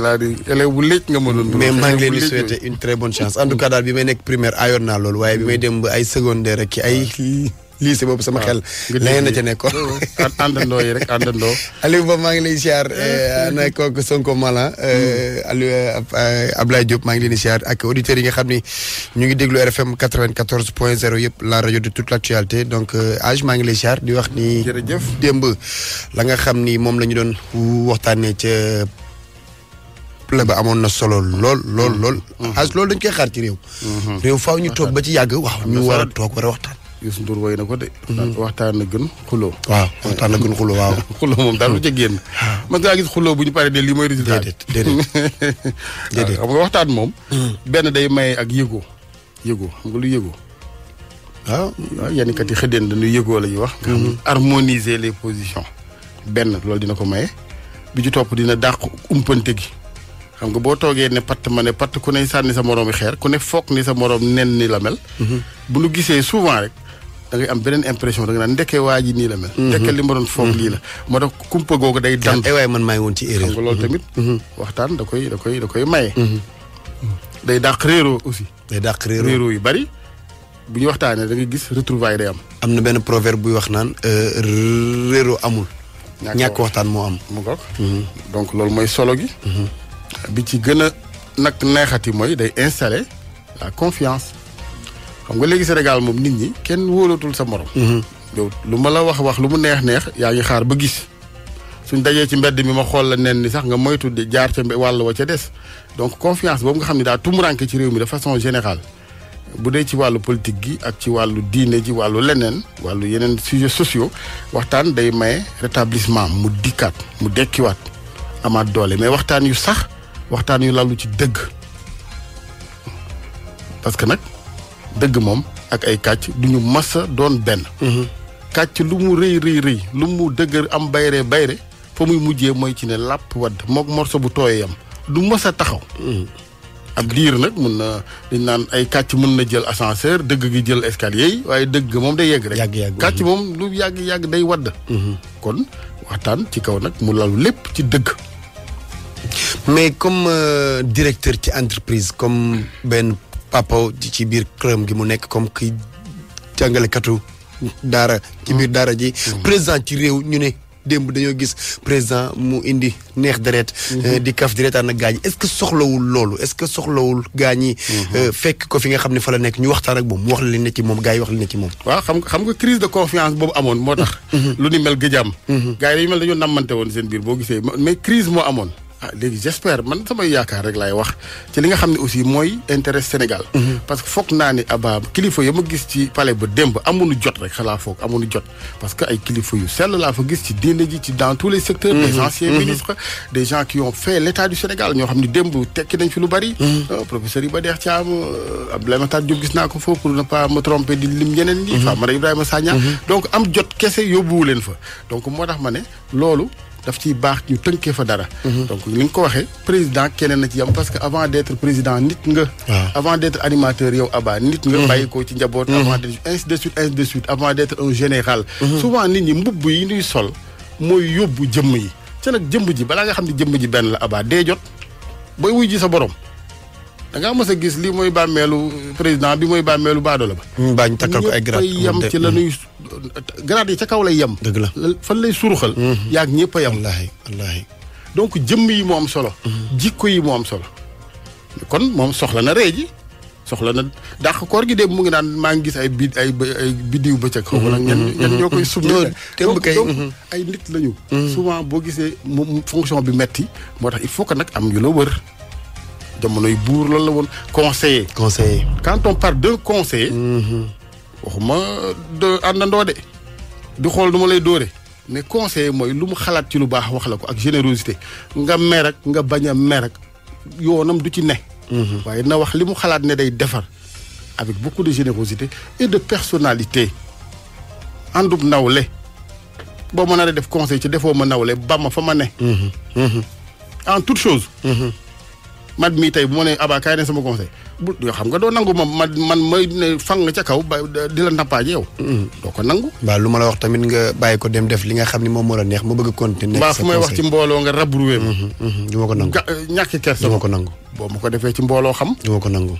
laa di élève bu léegi nga mais maa ngi leen di souhaiter une très bonne chance en tout cas daal bi may nekk primaire ayoon naa loolu waaye bi may dem ay secondaire ak ay. lycée boobu sama xel. leneen na ca nekkoon. Oh, oh. àndandoo yi rek àndandoo. Aliou Ba maa ngi lay ziar ah. eh, ana kooku Sonko Malan. Eh, hmm. Aliou eh, Ablaye Diop maa ngi leen di ziar ak auditeurs yi nga xam ni ñu ngi déglu RFM 94 point 0 yëpp la rajo de toute l' actualité donc age maa ngi lay ziar di wax ni. jërëjëf démb la nga xam ni moom la ñu doon waxtaanee ca. la amoon na solo lool lool lool. Mm-hmm. as loolu dañ koy xaar ci réew. Mm-hmm. réew faaw ñu toog ba ci yàgg. waaw ñu war a toog war a waxtaan. Youssou Ndour woy na ko de. Mm-hmm. waxtaan na gën xuloo. waaw waxtaan na gën xuloo waaw. xuloo moom daal lu ca génn. waaw mën ngaa gis xuloo bu ñu paree de li mooy résultat bi. déedéet déedéet xam nga moom. Mm. benn day maye ak yëgoo. yëgoo xam nga lu yëgoo. waaw yenn kat yi xëddeen dañuy yëgoo la ñuy wax. harmoniser les positions. benn loolu dina ko maye. bi ci topp dina dàq umpante gi. xam nga boo toogee ne patt ma ne patt ku ne sànni sa moroomi xeer ku ne foog ni sa moroom nen ni la mel. Mhm. bu nu gisee souvent rek da am beneen impression da nga naan ndekkee waa ji nii la mel. Mhm. ndekkee li ma doon foog mhm. lii la. moo ay eh waay maay woon ci erreur. xam waxtaan da koy da koy da koy maye. dàq réeroo aussi. day dàq réeroo réeroo yu bari. bu ñu waxtaanee da nga gis retrouvailles day am. am na benn proverbe buy wax naan euh, réeroo amul. ñàkk waxtaan moo am. mu donc loolu mooy solo gi. bi ci gën a nag neexati mooy day installer la confiance xam nga léegi Sénégal moom nit ñi kenn wóolatul sa morom. Mhm. yow lu ma la wax wax lu mu neex neex yaa ngi xaar ba gis suñ dajee ci mbedd mi ma xool la nen ni sax nga moytu di jaar ca wàll wa ca des donc confiance boobu nga xam ne daa tumuranke ci réew mi de façon générale bu dee ci wàllu politique gi ak ci wàllu diine ji wàllu leneen wàllu yeneen sujets sociaux waxtaan day maye rétablissement mu dikkaat mu dekkiwaat amaat doole mais waxtaan yu sax. waxtaan yu lalu ci dëgg parce que nag dëgg moom ak ay kàcc du ñu masa doon benn mhm. kàcc lu mu rëy rëy rëy lu mu dëgër am bayre bayre fa muy mujjee mooy ci ne làpp wadd mook morso bu yam du mës a taxaw mhm. ab diir nag mun na dañ naan ay kàcc mën na jël ascenseur dëgg gi jël escalier yi waaye dëgg moom day yegg rek kàcc moom lu yàgg-yàgg day wadd mhm. kon waxtaan ci kaw nag mu lalu lépp ci dëgg mais comme euh, directeur ci entreprise comme benn papa ci biir këram gi mu nekk comme ki jàngalekatu daara ci biir mm. daara ji mm. président ci réew ñu ne démb dañoo gis président mu indi neex deret mm-hmm. euh, di kaf di reetaan ak gaañ est-ce que soxlawul loolu est-ce que soxlawul gaañ yi mm-hmm. euh, fekk ko fi nga xam ne fa la nekk ñu waxtaan ak moom mu wax la leen ne ci moom gars yi wax la ne ci moom waaw xam nga xam nga crise de confiance boobu amoon moo tax mm-hmm. lu ni mel gëjaam gars yi dañu mel dañoo nammante woon seen biir boo gisee mais crise moo amoon ah léegi j'espère man samay yaakaar rek laay wax ci li nga xam ne aussi mooy intérêt Sénégal. Mhm. parce que fook naa ne aba kilifa ya ma gis ci palais ba démb amuñu jot rek xalaa foog amuñu jot. parce que ay kilifa yu sell laa fa gis ci diine ji ci dans tous les secteurs. Mhm. des anciens mhm. ministres des gens qui ont fait l'état ñoo xam ne démb tekki nañ fi lu bari. Euh, professeur Iba Der Thiam euh, Abdoulaye Makhtar Diop gis naa ko foofu pour ne pas me tromper di lim ñeneen ñi. Famara Ibrahima Sagna. donc am jot kese yóbbuwu leen fa donc moo tax ma ne loolu. daf ci baax ñu tënkee fa dara. Mhm. donc ni nga ko waxee président keneen na ci yam parce que avant d' être président nit nga. avant d' être animateur yow Aba nit nga. Mhm. bàyyi ko ci njaboot. Mhm. avant de ainsi de suite ainsi de suite avant d' un général. souvent nit ñi mbubb yi ñuy sol mooy yóbbu jëmm yi ca nag jëmm ji balaa nga xam ne jëmm ji benn la Aba dee jot booy wuy ji sa borom. da ngaa mës a gis lii mooy bàmmeelu président bi mooy bàmmeelu baadoola ba. Mm, baañ takkal ko ay grade yi ca kaw lay yem. dëgg la fan lay suruxal. Mm-hmm. yaag ñëpp a yem. wallaahi wallaahi donc jëmm yi moo am solo. Mm-hmm. jikko yi moo am solo. kon moom soxla na ree ji soxla na dàq koor gi de mu ngi naan maa ngi gis ay bid ay ay biddiw bëccëg. xaw ma nag ñan mm-hmm. ñoo koy. sub temb boo gisee fonction bi metti moo tax il faut que nag am ñu la wër. jamonoy buur loolu la woon conseiller. conseiller quand on parle conseiller. waxuma de àndandoo de di xool nu ma lay dóore mais conseil mooy lu mu xalaat ci lu baax wax la ko ak générosité nga mer ak nga bañ a mer ak yoonam du ci ne. Mhm. waaye na wax li mu xalaat ne day defar avec beaucoup de générosité et de personnalité àndub nawle boo ma nar de def conseil ci defoo ma nawle ba ma fa ma ne. Mhm. Mhm. en toute chose. man mii tey bu ma nee Aba kaay ne sama conseil bu yoo xam nga doo nangu ma man man may ne fang ca kaw ba di la nappaaje yow. Mm-hmm. doo ko nangu. waaw lu ma la wax tamit nga bàyyi ko dem def li nga xam ni moom moo la neex ma bëgg a continuer. nekk sa mbaa fu may wax ci mbooloo nga rabroué ma. Mm-hmm, mm-hmm. du ma ko nangu ga euh, ñàkk kersa du ma ko nangu. boo ma ko defee ci mbooloo xam. du ma ko nangu.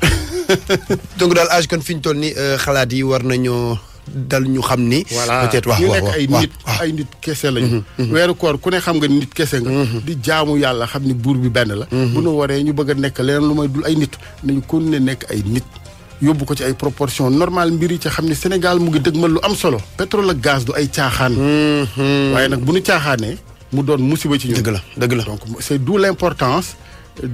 donc daal âge kon fi ñu toll nii euh, xalaat yi war nañoo. dal ñu xam ni. peut-être wax wax wax ñu nekk ay nit ay nit kese lañu. Mhm, mhm. weeru koor ku ne xam nga nit kese nga. Mhm. di jaamu yàlla xam ni buur bi benn la. bu nu waree ñu bëgg a nekk leneen lu may dul ay nit nañu kon ne nekk ay nit. yóbbu ko ci ay proportion normal mbir yi ci xam ne Sénégal mu ngi dëgmal lu am solo pétrole ak gaz du ay caaxaan waaye nag bu ñu caaxaanee mu doon musiba ci ñun dëgg la dëgg la donc c'est d'où l'importance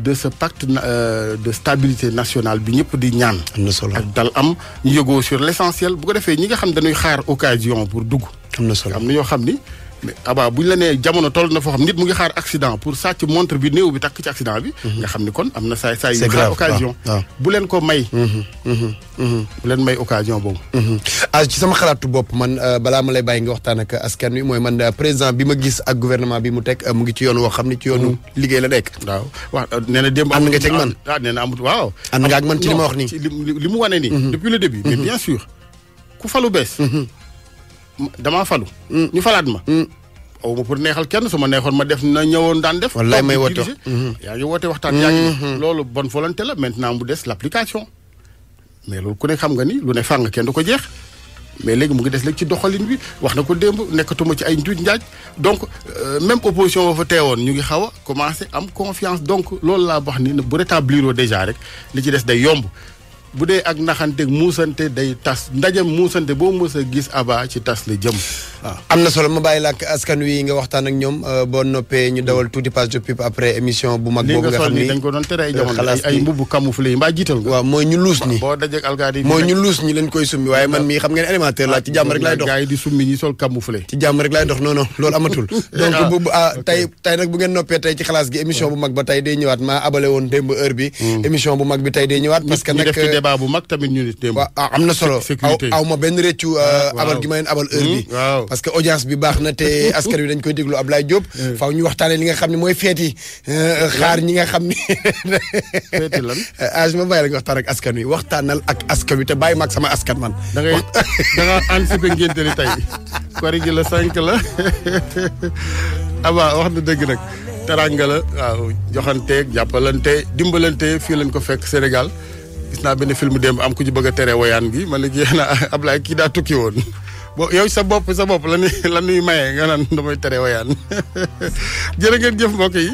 de ce pacte euh, de stabilité nationale bi ñëpp di ñaan. am na solo ak dal am ñu yëgoo sur l' essentiel bu defee ñi nga xam dañuy xaar occasion pour dugg. am na solo am na yoo xam ni. mais abaa bu ñu la nee jamono toll na foo xam nit mu ngi xaar accident pour sàcc montre bi néew bi takk ci accident bi. Mhm. nga xam ni kon am na saay saay occasion bu leen ko may. Mhm, mhm, bu leen may occasion boobu. ah ci sama xalaatu bopp man euh, balaa ma lay bàyyi nga waxtaan ak askan wi mooy man euh, président bi ma gis ak gouvernement bi mu teg euh, mu yoon woo xam ni ci yoonu la nekk. waaw waaw nee na démb. Ah, man ci li ma wax nii li mu wane nii. depuis le début. mais bien sûr ku falu bees. damaa falu. Mm. ñu falaat ma. Mm. aw ma pour neexal kenn su ma neexoon ma def na ñëwoon daan def. wallaay may woote mm-hmm. yaa ngi woote waxtaan. yaa ngi mm-hmm. loolu bonne volonté la maintenant mu des l' mais loolu ku ne xam nga ni lu ne fàng kenn du ko jeex. mais léegi mu ngi des léegi ci doxalin bi wax na ko démb nekkatuma ci ay njuuj njaaj donc euh, même opposition ba fa teewoon ñu ngi xaw a commencé am confiance donc loolu laa wax ni bu rétablir déjà rek li ci des day yomb. bu dee ak naxanteeg muusante day tas ndajem muusante boo mës gis aba ci tas la jëm ah. am na solo ma bàyyi la ak askan wi nga waxtaan ak ñoom euh, boo noppee ñu dawal tuuti page de pub après nga xam ni dañ ko boo dajeeg alkaati mooy ñu luus ñi lañ koy summi waaye ci xalaas gi émission bu mag ba tey day ñëwaat maa abale woon démb heure bi hmm. émission bu mag bi tey day ñëwaat parce que débat bu mag tamit ñu nit démb. Ah, am na solo aw ma benn réccu euh, ah, abal gi ma abal heure hmm? parce que audience bi baax na te askan wi dañ koy déglu Ablaye Diop. Eh. faaw ñu waxtaanee li nga xam ne mooy feet yi eh, xaar ñi nga xam ne. feeti lan eh, ah, ma bàyyi la nga waxtaan ak askan wi waxtaanal ak askan wi te bàyyi mag sama askan man. da ngay da ngaa anticiper ngénte li tey. kori gi la cinq la abaa wax na dëgg nag. teranga la waaw jàppalante dimbalante fii lañ ko fekk Sénégal gis naa benn film démb am ku ci bëgg a tere woyaan gi man léegi yéen a Ablaye kii daa tukki woon bo yow sa bopp sa bopp la ñuy la ñuy maye nga naan damay tere woyaan jërë ngeen jëf mbokk yi.